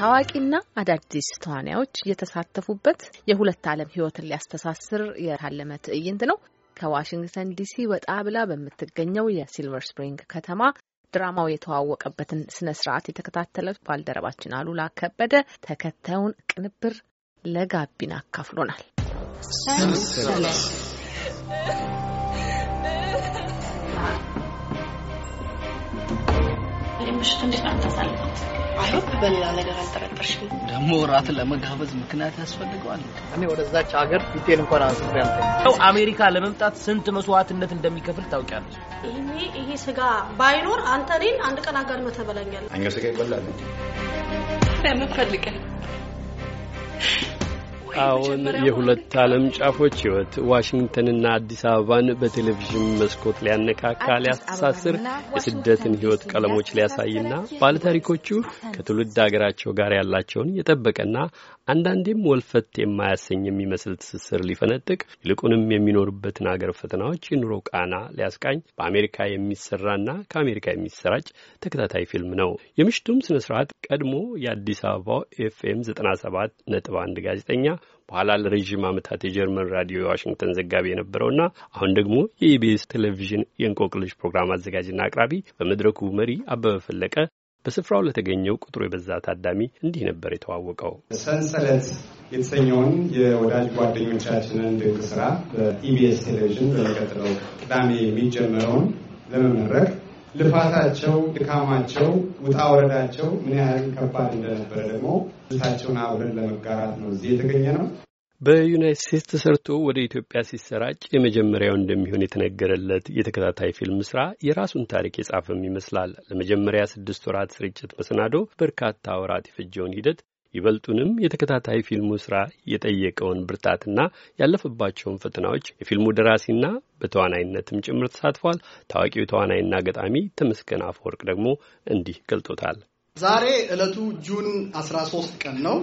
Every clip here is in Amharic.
ታዋቂና አዳዲስ ተዋናዮች የተሳተፉበት የሁለት ዓለም ህይወትን ሊያስተሳስር የታለመ ትዕይንት ነው። ከዋሽንግተን ዲሲ ወጣ ብላ በምትገኘው የሲልቨር ስፕሪንግ ከተማ ድራማው የተዋወቀበትን ስነ ስርዓት የተከታተለ ባልደረባችን አሉላ ከበደ ተከታዩን ቅንብር ለጋቢና አካፍሎናል። ምሽት እንዴት ነው የምታሳልፈው? አይ በሌላ ነገር አልጠረጠርሽም። ደግሞ እራት ለመጋበዝ ምክንያት ያስፈልገዋል። እኔ ወደዛች ሀገር ፊቴን እንኳን አንስቤ ሰው አሜሪካ ለመምጣት ስንት መስዋዕትነት እንደሚከፍል ታውቂያለሽ? ይሄ ይሄ ስጋ ባይኖር አንተ እኔን አንድ ቀን አጋር መተበላኛል። አኛው ስጋ ይበላል ለምን ፈልገህ አሁን የሁለት ዓለም ጫፎች ህይወት ዋሽንግተንና አዲስ አበባን በቴሌቪዥን መስኮት ሊያነካካ ሊያስተሳስር፣ የስደትን ህይወት ቀለሞች ሊያሳይና ባለታሪኮቹ ከትውልድ አገራቸው ጋር ያላቸውን የጠበቀና አንዳንዴም ወልፈት የማያሰኝ የሚመስል ትስስር ሊፈነጥቅ ይልቁንም የሚኖሩበትን አገር ፈተናዎች የኑሮ ቃና ሊያስቃኝ በአሜሪካ የሚሰራና ከአሜሪካ የሚሰራጭ ተከታታይ ፊልም ነው። የምሽቱም ስነ ስርዓት ቀድሞ የአዲስ አበባው ኤፍኤም 97 ነጥብ አንድ ጋዜጠኛ በኋላ ለረዥም ዓመታት የጀርመን ራዲዮ የዋሽንግተን ዘጋቢ የነበረውና አሁን ደግሞ የኢቢኤስ ቴሌቪዥን የእንቆቅልሽ ፕሮግራም አዘጋጅና አቅራቢ በመድረኩ መሪ አበበ ፈለቀ በስፍራው ለተገኘው ቁጥሩ የበዛ ታዳሚ እንዲህ ነበር የተዋወቀው። ሰንሰለት የተሰኘውን የወዳጅ ጓደኞቻችንን ድንቅ ስራ በኢቢኤስ ቴሌቪዥን በሚቀጥለው ቅዳሜ የሚጀመረውን ለመመረቅ ልፋታቸው፣ ድካማቸው፣ ውጣ ወረዳቸው ምን ያህል ከባድ እንደነበረ ደግሞ ልሳቸውን አብረን ለመጋራት ነው እዚህ የተገኘ ነው። በዩናይት ስቴትስ ተሰርቶ ወደ ኢትዮጵያ ሲሰራጭ የመጀመሪያው እንደሚሆን የተነገረለት የተከታታይ ፊልም ስራ የራሱን ታሪክ የጻፈም ይመስላል። ለመጀመሪያ ስድስት ወራት ስርጭት መሰናዶ በርካታ ወራት የፈጀውን ሂደት ይበልጡንም የተከታታይ ፊልሙ ስራ የጠየቀውን ብርታትና ያለፈባቸውን ፈተናዎች የፊልሙ ደራሲና በተዋናይነትም ጭምር ተሳትፏል። ታዋቂው ተዋናይና ገጣሚ ተመስገን አፈወርቅ ደግሞ እንዲህ ገልጦታል። ዛሬ ዕለቱ ጁን 13 ቀን ነው።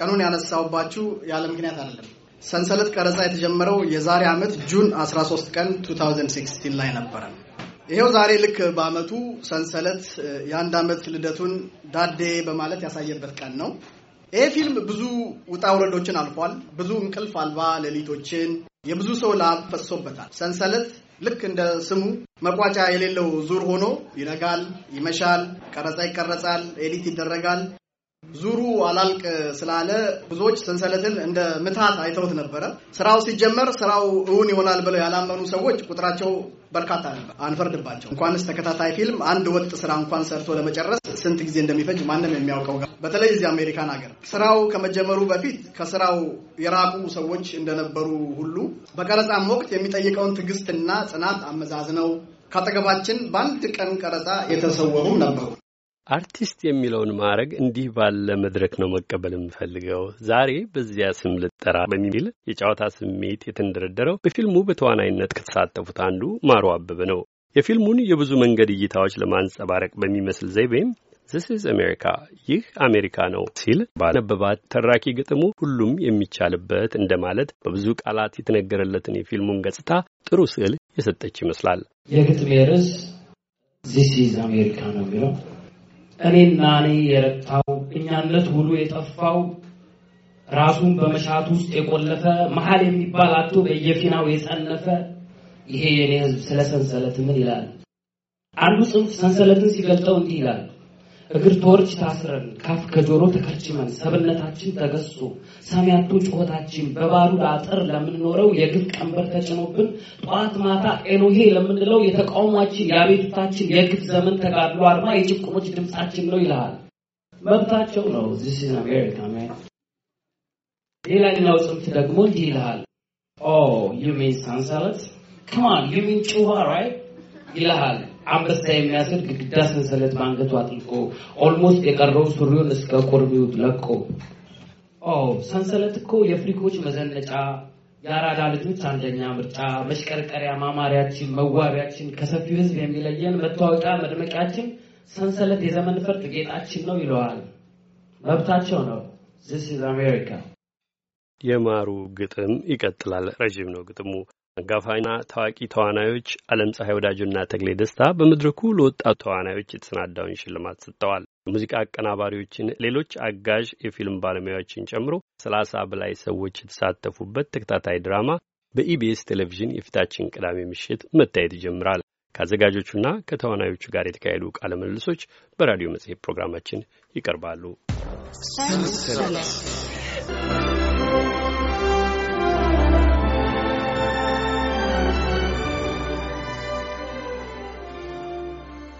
ቀኑን ያነሳውባችሁ ያለ ምክንያት አይደለም። ሰንሰለት ቀረጻ የተጀመረው የዛሬ ዓመት ጁን 13 ቀን 2016 ላይ ነበረ። ይኸው ዛሬ ልክ በአመቱ ሰንሰለት የአንድ አመት ልደቱን ዳዴ በማለት ያሳየበት ቀን ነው። ይህ ፊልም ብዙ ውጣ ውረዶችን አልፏል። ብዙ እንቅልፍ አልባ ሌሊቶችን፣ የብዙ ሰው ላብ ፈሶበታል። ሰንሰለት ልክ እንደ ስሙ መቋጫ የሌለው ዙር ሆኖ ይነጋል፣ ይመሻል፣ ቀረጻ ይቀረጻል፣ ኤዲት ይደረጋል፣ ዙሩ አላልቅ ስላለ ብዙዎች ሰንሰለትን እንደ ምታት አይተውት ነበረ። ስራው ሲጀመር ስራው እውን ይሆናል ብለው ያላመኑ ሰዎች ቁጥራቸው በርካታ ነበር። አንፈርድባቸው። እንኳንስ ተከታታይ ፊልም አንድ ወጥ ስራ እንኳን ሰርቶ ለመጨረስ ስንት ጊዜ እንደሚፈጅ ማንም የሚያውቀው ጋር በተለይ እዚህ አሜሪካን ሀገር ስራው ከመጀመሩ በፊት ከስራው የራቁ ሰዎች እንደነበሩ ሁሉ በቀረጻም ወቅት የሚጠይቀውን ትዕግስትና ጽናት አመዛዝነው ካጠገባችን በአንድ ቀን ቀረጻ የተሰወሩም ነበሩ። አርቲስት የሚለውን ማዕረግ እንዲህ ባለ መድረክ ነው መቀበል የምፈልገው፣ ዛሬ በዚያ ስም ልጠራ በሚል የጨዋታ ስሜት የተንደረደረው በፊልሙ በተዋናይነት ከተሳተፉት አንዱ ማሮ አበበ ነው። የፊልሙን የብዙ መንገድ እይታዎች ለማንጸባረቅ በሚመስል ዘይቤም ዚስ ኢዝ አሜሪካ ይህ አሜሪካ ነው ሲል ባነበባት ተራኪ ግጥሙ ሁሉም የሚቻልበት እንደማለት በብዙ ቃላት የተነገረለትን የፊልሙን ገጽታ ጥሩ ስዕል የሰጠች ይመስላል። የግጥሜ ርዕስ ዚስ ኢዝ አሜሪካ ነው የሚለው እኔና እኔ የረታው እኛነት ሁሉ የጠፋው ራሱን በመሻት ውስጥ የቆለፈ መሀል የሚባል አቶ በየፊናው የጸነፈ ይሄ የኔ ህዝብ ስለ ሰንሰለት ምን ይላል? አንዱ ጽንፍ ሰንሰለትን ሲገልጠው እንዲህ ይላል እግር ተወርች ታስረን ካፍ ከጆሮ ተከርችመን ሰብነታችን ተገዝቶ ሰሚያቱ ጩኸታችን በባሩድ አጥር ለምንኖረው የግፍ ቀንበር ተጭኖብን ጠዋት ማታ ኤሎሄ ለምንለው የተቃውሟችን የአቤቱታችን የግፍ ዘመን ተጋድሎ አርማ የጭቁኖች ድምፃችን ነው ይልሃል። መብታቸው ነው። ዚስ ኢዝ አሜሪካ ማን። ሌላኛው ጽንፍ ደግሞ እንዲህ ይልሃል። ኦ ዩ ሚን ሳንሰለት ከማን ዩ ሚን ጩኋ ራይት ይልሃል አንበሳ የሚያስር ግድግዳ ሰንሰለት በአንገቱ አጥልቆ ኦልሞስት የቀረው ሱሪውን እስከ ቁርቢው ለቆ። ሰንሰለት እኮ የፍሪኮች መዘነጫ፣ የአራዳ ልጆች አንደኛ ምርጫ፣ መሽቀርቀሪያ፣ ማማሪያችን፣ መዋቢያችን፣ ከሰፊው ህዝብ የሚለየን መታወቂያ መድመቂያችን፣ ሰንሰለት የዘመን ፈርጥ ጌጣችን ነው ይለዋል። መብታቸው ነው። ዚስ ኢዝ አሜሪካ። የማሩ ግጥም ይቀጥላል። ረዥም ነው ግጥሙ። አንጋፋና ታዋቂ ተዋናዮች ዓለም ፀሐይ ወዳጆና ተግሌ ደስታ በመድረኩ ለወጣቱ ተዋናዮች የተሰናዳውን ሽልማት ሰጥተዋል። የሙዚቃ አቀናባሪዎችን፣ ሌሎች አጋዥ የፊልም ባለሙያዎችን ጨምሮ ሰላሳ በላይ ሰዎች የተሳተፉበት ተከታታይ ድራማ በኢቢኤስ ቴሌቪዥን የፊታችን ቅዳሜ ምሽት መታየት ይጀምራል። ከአዘጋጆቹና ከተዋናዮቹ ጋር የተካሄዱ ቃለ ምልልሶች በራዲዮ መጽሔት ፕሮግራማችን ይቀርባሉ።